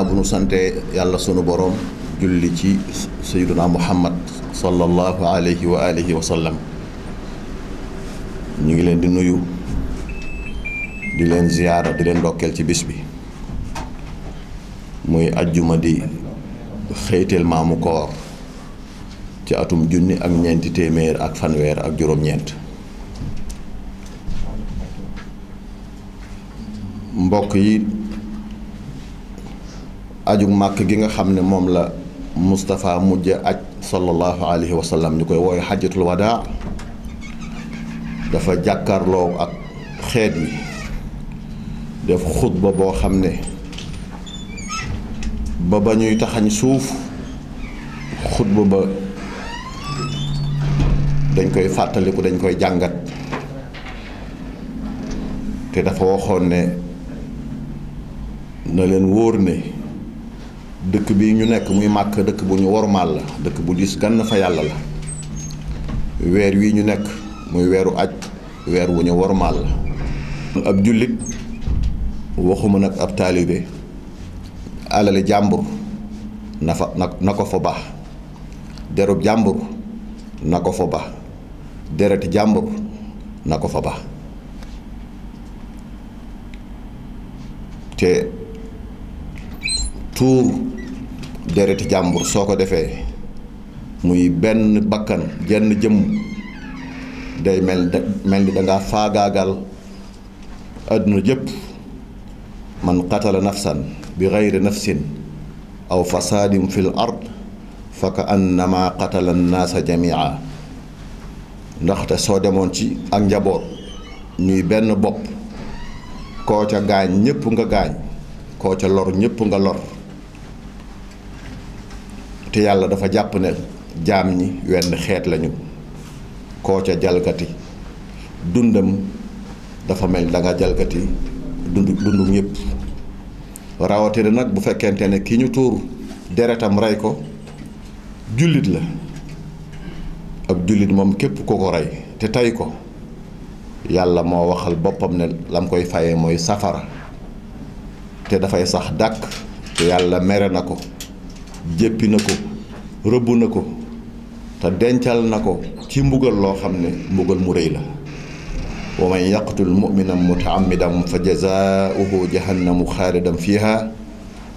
ginnaaw bu nu santee yàlla sunu boroom julli ci sayyiduna muhammad sallallahu alayhi wa alihi wa sallam ñu ngi leen di nuyu di leen ziyaara di leen ndokkeel ci bis bi muy ajjuma di xëyteel maamu koor ci atum junni ak ñeenti téeméer ak fanweer ak juróom-ñeent mbokk yi aju màkk gi nga xam ne moom la mustafaa mujj aj sallallahu alayhi wa sallam ñu koy wooye xajatul wadaa dafa jàkkarloo ak xeet yi def xutba boo xam ne ba ba ñuy taxañ suuf xutba ba dañ koy fàttaliku dañ koy jàngat te dafa waxoon ne na leen wóor ne dëkk bi ñu nekk muy màkk dëkk bu ñu wormaal la dëkk bu diis gànn fa yàlla la weer wi ñu nekk muy weeru aj weer wu ñu wormaal la ab jullit waxuma nag ab taalibe alali jàmbur na fa na ko fa baax derub jàmbur na ko fa baax dereti jàmbur na ko fa baax te tuur dereti jàmbur soo ko defee muy benn bakkan jenn jëmm day mel mel ni dangaa faagaagal àdduna jëpp man xatala nafsan bi gayri nafsin aw fasaadin fil ard fa ka annama qatala annaasa jamia ndaxte soo demoon ci ak njaboot ñuy benn bopp koo ca gaañ ñépp nga gaañ koo ca lor ñépp nga lor te yàlla dafa jàpp ne jaam ñi wenn xeet lañu koo ca jalgati dundam dafa mel da nga jalgati dund dundu ñëpp rawatina nag bu fekkente ne ki ñu tuur deretam rey ko jullit la ab jullit moom képp ko ko rey te tey ko yàlla moo waxal boppam ne lam koy fayee mooy safara te dafay sax dàq te yàlla mere na ko jéppi na ko rëbb na ko te dencal na ko ci mbugal loo xam ne mbugal mu rëy la wa man yaqtul muminan mutaammidan fa jazaauhu jahannamu xaalidan fiiha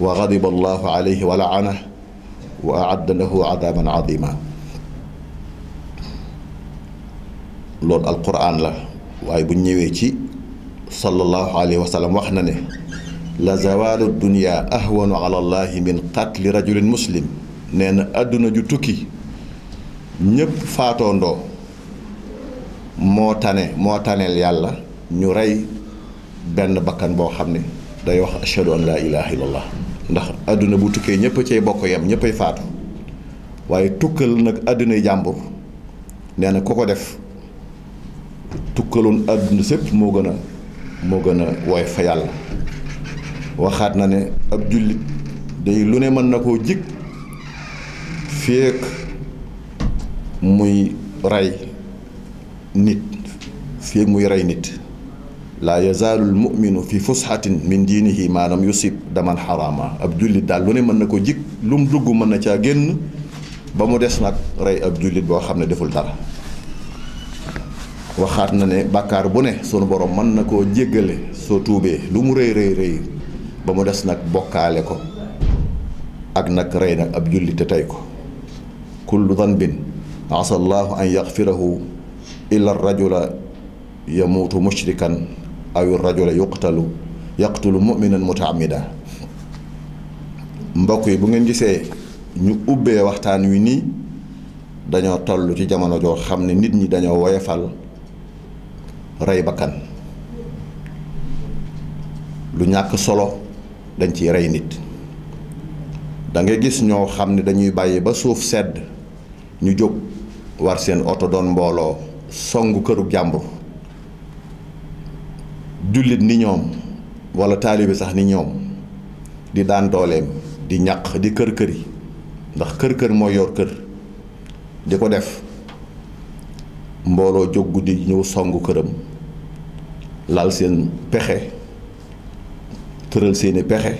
wa gadiba allahu alayhi wa la waaye bu ñëwee ci sallallahu alayhi wa wax na ne la zawaalu dunia ahwanu ala allahi min qatli rajulin muslim nee na àdduna ju tukki ñépp faatoo ndoo moo tane moo taneel yàlla ñu rey benn bakkan boo xam ne day wax ashhadu an laa ilaha illallah ndax àdduna bu tukkee ñépp a bokk yam ñépp ay faatu waaye tukkal nag àdduna jàmbur nee na ku ko def tukkaloon àdduna sépp moo gën a moo gën a woy fa yàlla waxaat na ne ab jullit day lu ne mën na koo jig féeg muy rey nit féeg muy rey nit laa yazaalu l muminu fi fusxatin min diinihi maanaam yusib demal xaraama ab jullit daal lu ne mën na koo jig lu mu dugg mën na caa génn ba mu des nag rey ab jullit boo xam ne deful dal waxaat na ne bàkkaar bu ne sunu borom mën na koo jéggale soo tuubee lu mu rëy rëy rëy ba mu des nag bokkaale ko ak nag rey nag ab julli te tey ko kullu danbin asa allahu an yaxfirahu illa rajula yamuutu mushrikan aw rajula yuqtalu yaqtulu muminan mutaamida mbokk yi bu ngeen gisee ñu ubbee waxtaan wi nii dañoo toll ci jamono joo xam ne nit ñi dañoo woyefal rey bakkan lu ñàkk solo dañ ciy rey nit da gis ñoo xam ne dañuy bàyyi ba suuf sedd ñu jóg war seen oto doon mbooloo song këru jàmbur jullit ni ñoom walla taalibe sax ni ñoom di daan dooleem di ñaq di kër këri ndax kër kër mooy yor kër di ko def mbooloo jóg guddi ñëw songu këram lal seen pexe tëral seeni pexe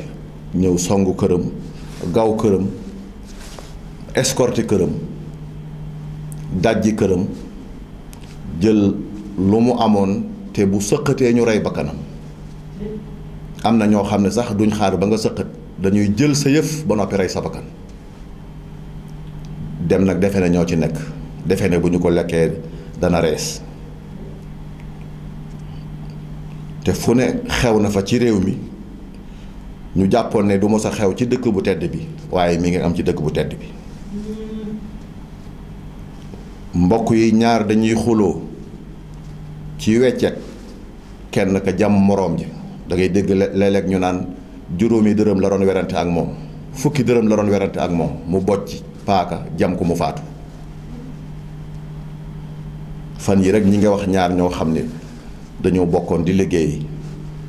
ñëw songu këram gaaw këram escorter këram dajji këram jël lu mu amoon te bu sëqatee ñu rey bakkanam am na ñoo xam ne sax duñ xaar ba nga sëqat dañuy jël sa yëf ba noppi rey sa bakkan dem nag defe ne ñoo ci nekk defe ne bu ñu ko lekkee dana rees te fu ne xew na fa ci réew mi ñu jàppoon ne du mos sa xew ci dëkk bu tedd bi waaye mi ngi am ci dëkk bu tedd bi mbokk yi ñaar dañuy xuloo ci weccet kenn ka jàmm moroom ji dangay ngay dégg léeg ñu naan juróomi dërëm la doon werante ak moom fukki dërëm la doon werante ak moom mu bocc paaka jam ko mu faatu fan yi rek ñi nga wax ñaar ñoo xam ne dañoo bokkoon di liggéey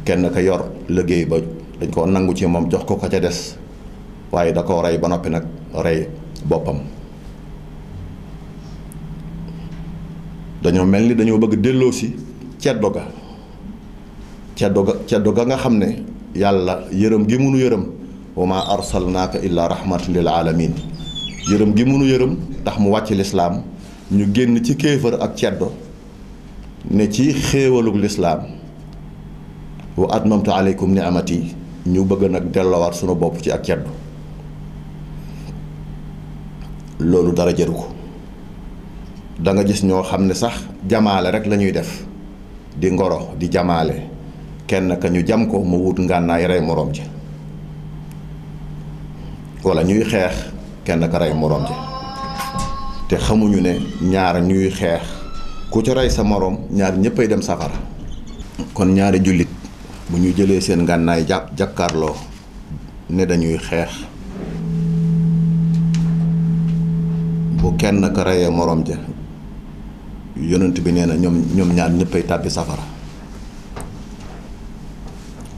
kenn ka yor liggéey ba dañ koo nangu ci moom jox ko ko ca des waaye da koo rey ba noppi nag rey boppam dañoo mel ni dañoo bëgg delloo si ceddo ga ceddo ga nga xam ne yàlla yërëm gi mënu yërëm wa ma arsalnaaka illaa rahmatan lil alamin yërëm gi mënu yërëm tax mu wàcc lislaam ñu génn ci kéefër ak ceddo ne ci xéewalug lislaam wa atmamtu aleykum ni'amati ñu bëgg nag delloowaat sunu bopp ci ak yaddu loolu dara jëru ko da nga gis ñoo xam ne sax jamaale rek lañuy def di ngoro di jamale kenn ka ñu jam ko mu wut ngànnaay rey moroom ji walla ñuy xeex kenn ka rey moroom ji te xamuñu ne ñaar ñuy xeex ku ci rey sa moroom ñaar ñëppay dem safara kon ñaari jullit bu ñu jëlee seen ngànnaay jàpp jàkkaarloo ne dañuy xeex bu kenn ka reyee moroom ja yonent bi nee na ñoom ñoom ñaar ñëppay tàbbi safara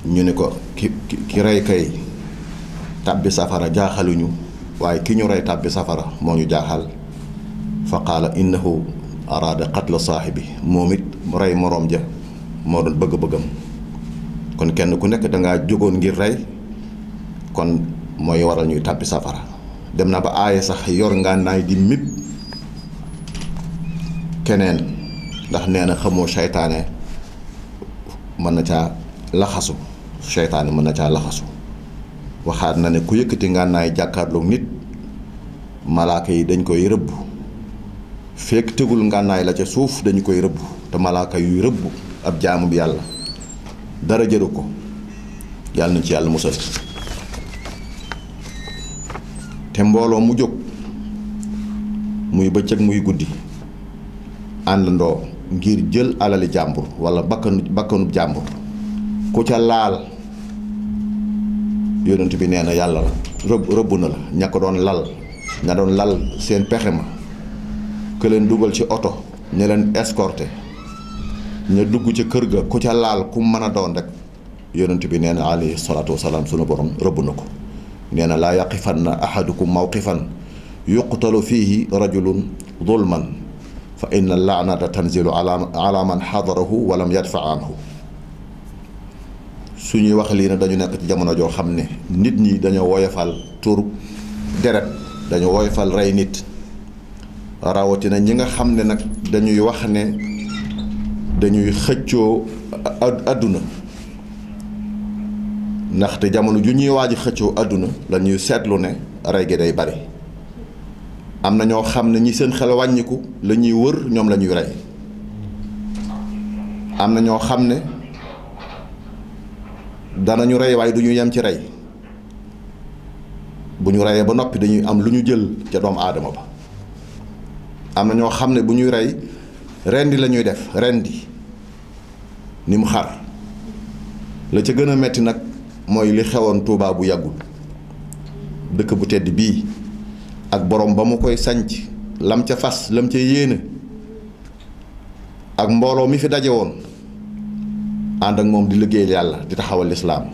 ñu ni ko ki ki rey kay tàbbi safara jaaxaluñu waaye ki ñu rey tàbbi safara moo ñu jaaxal fa qaala innahu araada qatla saaxibi moom it rey moroom ja moo doon bëgg-bëggam kon kenn ku nekk danga jógoon ngir rey kon mooy waral ñuy tàbbi safara dem na ba aaye sax yor ngànnaay di mit keneen ndax nee na xamoo seytaane mën na caa laxasu seytaane mën na caa laxasu waxaat na ne ku yëkkati ngànnaay jàkkaarloog nit malaaka yi dañ koy rëbb fekk tegul ngànnaay la ca suuf dañu koy rëbb te malaaka yuy rëbb ab jaamu bi yàlla dara jëru ko yàlla na ci yàlla musal te mbooloo mu jóg muy bëccëg muy guddi àndandoo ngir jël alali jàmbur wala bakkanu bakkanub jàmbur ku ca laal yonent bi nee na yàlla rëbb rëbb na la ña ko doon lal ña doon lal seen pexe ma ke leen dugal ci oto ña leen escorté ña dugg ci kër ga ku ca laal ku mën a doon rek yonent bi nee na alayhi salaatu wasalaam sunu borom rëbb na ko nee na laa yaqifanna ahadukum mawqifan yuqtalu fiihi rajulun zulman fa inna laanata tanzilu ala ala man xadarahu walam yadfa anhu su ñuy wax lii na dañu nekk ci jamono joo xam ne nit ñi dañoo woyofal tur deret dañoo woyofal rey nit rawatina ñi nga xam ne nag dañuy wax ne dañuy xëccoo àdduna ndaxte jamono ju ñuy waaj xëccoo àdduna lañuy seetlu ne rey gi day bari am na ñoo xam ne ñi seen xel wàññiku lañuy ñuy wër ñoom la ñuy rey am na ñoo xam ne danañu rey waaye du ñu yem ci rey bu ñu reyee ba noppi dañuy am lu ñu jël ca doomu aadama ba am na ñoo xam ne bu ñuy rey rendi la ñuy def rendi ni mu xar la ca gën a metti nag mooy li xewoon Touba bu yàggul dëkk bu tedd bii ak boroom ba mu koy sanc lam ca fas lam ca yéena ak mbooloo mi fi daje woon ànd ak moom di liggéey yàlla di taxawal lislaam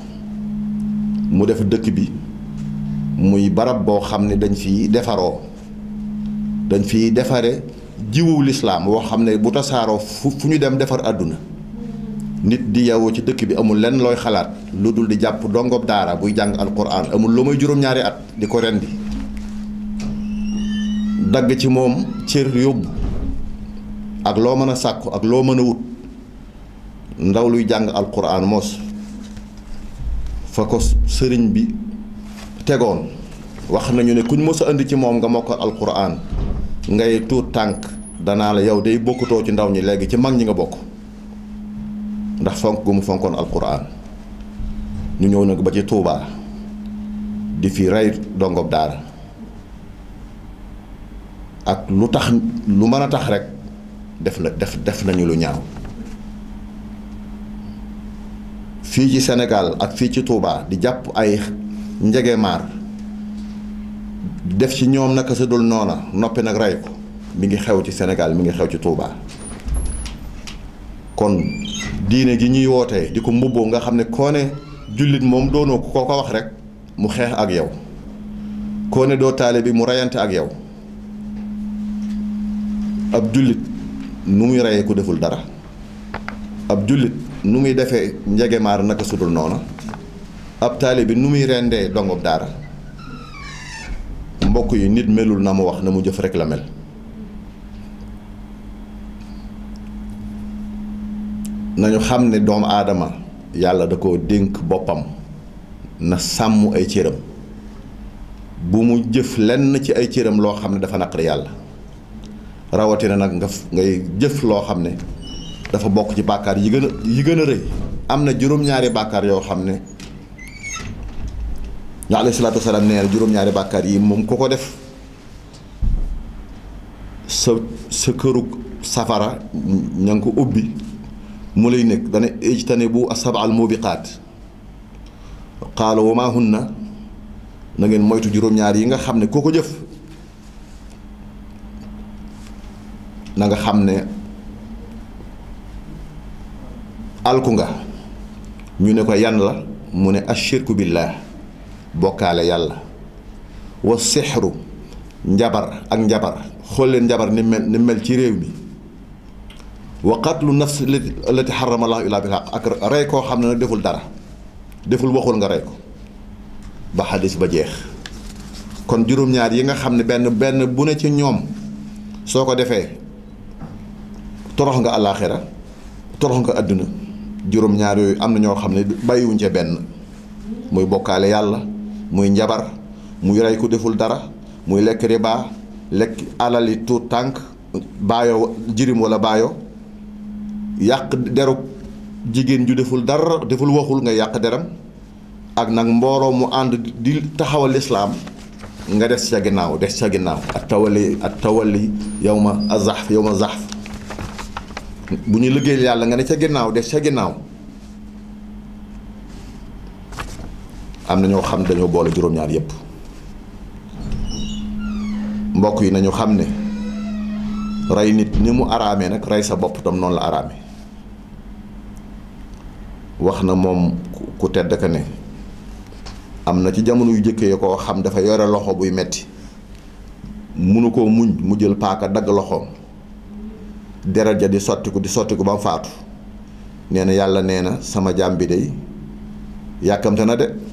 mu def dëkk bi muy barab boo xam ne dañ fiy defaroo dañ fiy defare jiwu lislaam woo xam ne bu tasaaroo fu fu ñu dem defar àdduna nit di yawoo ci dëkk bi amul lenn looy xalaat lu dul di jàpp dongob daara buy jàng alquran amul lu muy juróom-ñaari at di ko rendi dagg ci moom cër yóbbu ak loo mën a sàkku ak loo mën a wut ndaw luy jàng alquran moos fa ko sëriñ bi tegoon wax nañu ne kuñ mos a indi ci moom nga mokkal alquran ngay tuut tànk danaa la yow day bokkutoo ci ndaw ñi léegi ci mag ñi nga bokk ndax fonk gu mu fonkoon alquran ñu ñëw nag ba ci tuubaa di fi rey dongob daara ak lu tax lu mën a tax rekk def na def def nañu lu ñaaw fii ci senegal ak fii ci tuubaa di jàpp ay njegemaar def ci ñoom naka sa noona noppi nag rey ko mi ngi xew ci Sénégal mi ngi xew ci Touba kon diine gi ñuy wootee di ko mbubboo nga xam ne koone ne jullit moom doonoo ko koo ko wax rek mu xeex ak yow koo doo taale bi mu reyante ak yow ab jullit nu muy reyee ku deful dara ab jullit nu muy defee njegemaar naka sudul noona ab taale bi nu muy rendee dongob daara mbokk yi nit melul na mu wax na mu jëf rek la mel nañu xam ne doomu aadama yàlla da koo dénk boppam na sàmm ay cëram bu mu jëf lenn ci ay cëram loo xam ne dafa naqari yàlla rawatina nag nga ngay jëf loo xam ne dafa bokk ci bàkkaar yi gën a yi gën a rëy am na juróom-ñaari bàkkaar yoo xam ne ndax alayhi salaatu wasalaam nee juróom-ñaari bàkkaar yi moom ko ko def sa sa këru safara ña ngi ko ubbi mu lay nekk dana ijtanibu as-sab'al mubiqaat qaala wa maa na ngeen moytu juróom-ñaar yi nga xam ne ku ko jëf nanga xam ne alku nga ñu ne ko yan la mu ne ashirku billah bokkaale yàlla wa sixru njabar ak njabar xool leen njabar ni mel ni mel ci réew mi waxat lu nafs allati xarama allahu illa bil ak rey koo xam ne nag deful dara deful waxul nga rey ko ba xadis ba jeex kon juróom-ñaar yi nga xam ne benn benn bu ne ci ñoom soo ko defee torox nga àllaaxira torox nga àdduna juróom-ñaar yooyu am na ñoo xam ne bàyyiwuñ ca benn muy bokkaale yàlla muy njabar muy rey ku deful dara muy lekk riba lekk alali tuut tànk baayo jirim walla baayo yàq deru jigéen ju deful dara deful waxul nga yàq deram ak nag mbooloo mu ànd di taxawal lislaam nga des ca ginnaaw des ca ginnaaw ak tawali ak tawali yow ma azaf yow ma zaf bu ñu liggéeyal yàlla nga ne ca ginnaaw des ca ginnaaw am na ñoo xam dañoo boole juróom-ñaar yépp mbokk yi nañu xam ne rey nit ni mu araamee nag rey sa bopp tam noonu la araame wax na moom ku tedd ka ne am na ci jamono yu jëkkee ya koo xam dafa yore loxo buy metti munu ko muñ mu jël paaka dagg loxoom deret ja di sottiku di sottiku ba faatu nee na yàlla nee na sama jaam bi day yàkkamte na de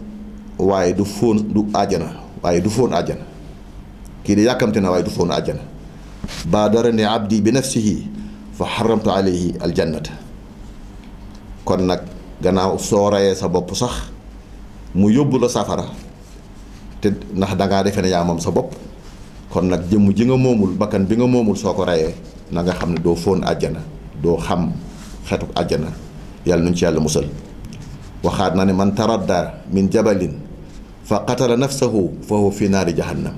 waaye du fóon du àjjana waaye du fóon àjjana kii de yàkkamte na waaye du fóon àjjana baadara ne abdi bi nafsihi fa xaramtu alayhi aljannata kon nag gannaaw soo rayee sa bopp sax mu yóbbu la safara te ndax dangaa defe ne yaa moom sa bopp kon nag jëmm ji nga moomul bakkan bi nga moomul soo ko rayee nanga xam ne doo fóon àjjana doo xam xetuk àjjana yàlla nuñ ci yàlla musal waxaat na ne man taradda min jabalin fa qatala nafsahu fa huwa fi naari jahannam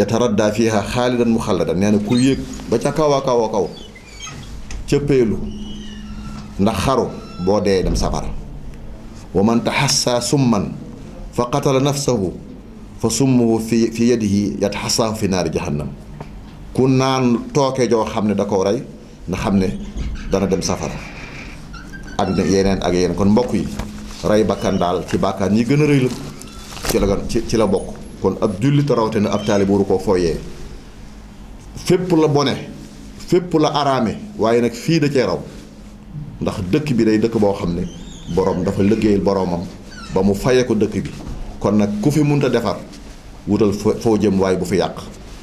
yataradda fiha xaalidan muxalladan nee na ku yéeg ba ca kaw a kaw a kaw ndax xaru boo dee dem safara wa man taxassaa summan fa qatala nafsahu fa summuhu fi fi yadihi yataxassaahu fi naari jahannam ku naan tooke joo xam ne da koo rey nga xam ne dana dem safara ak yeneen ak yeneen kon mbokk yi rey bakkan daal ci bàkkaan yi gën a rëy la ci la ci ci la bokk kon ab jullit rawatina ab taalib waru koo fooyee fépp la bone fépp la araame waaye nag fii da cee raw ndax dëkk bi day dëkk boo xam ne boroom dafa liggéeyal boroomam ba mu faye ko dëkk bi kon nag ku fi munta defar wutal foo jëm waaye bu fi yàq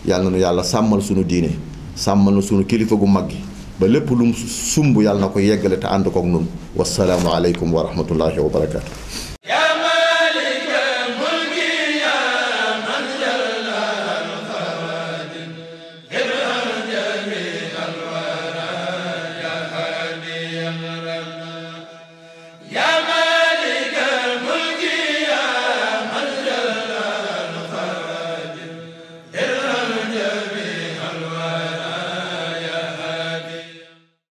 yàlla na nu yàlla sàmmal sunu diine sàmmal na sunu kilifa gu mag gi ba lépp lu mu sumb yàlla na ko yeggale te ànd kook nun wasalaamu aleykum wa wa barakaatu